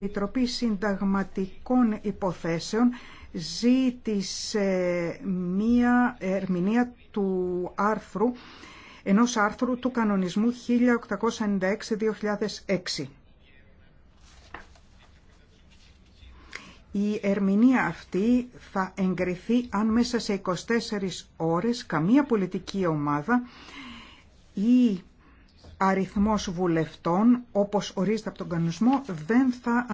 Επιτροπή Συνταγματικών Υποθέσεων ζήτησε μία ερμηνεία του άρθρου, ενός άρθρου του κανονισμού 1896-2006. Η ερμηνεία αυτή θα εγκριθεί αν μέσα σε 24 ώρες καμία πολιτική ομάδα ή αριθμός βουλευτών, όπως ορίζεται από τον κανονισμό, δεν θα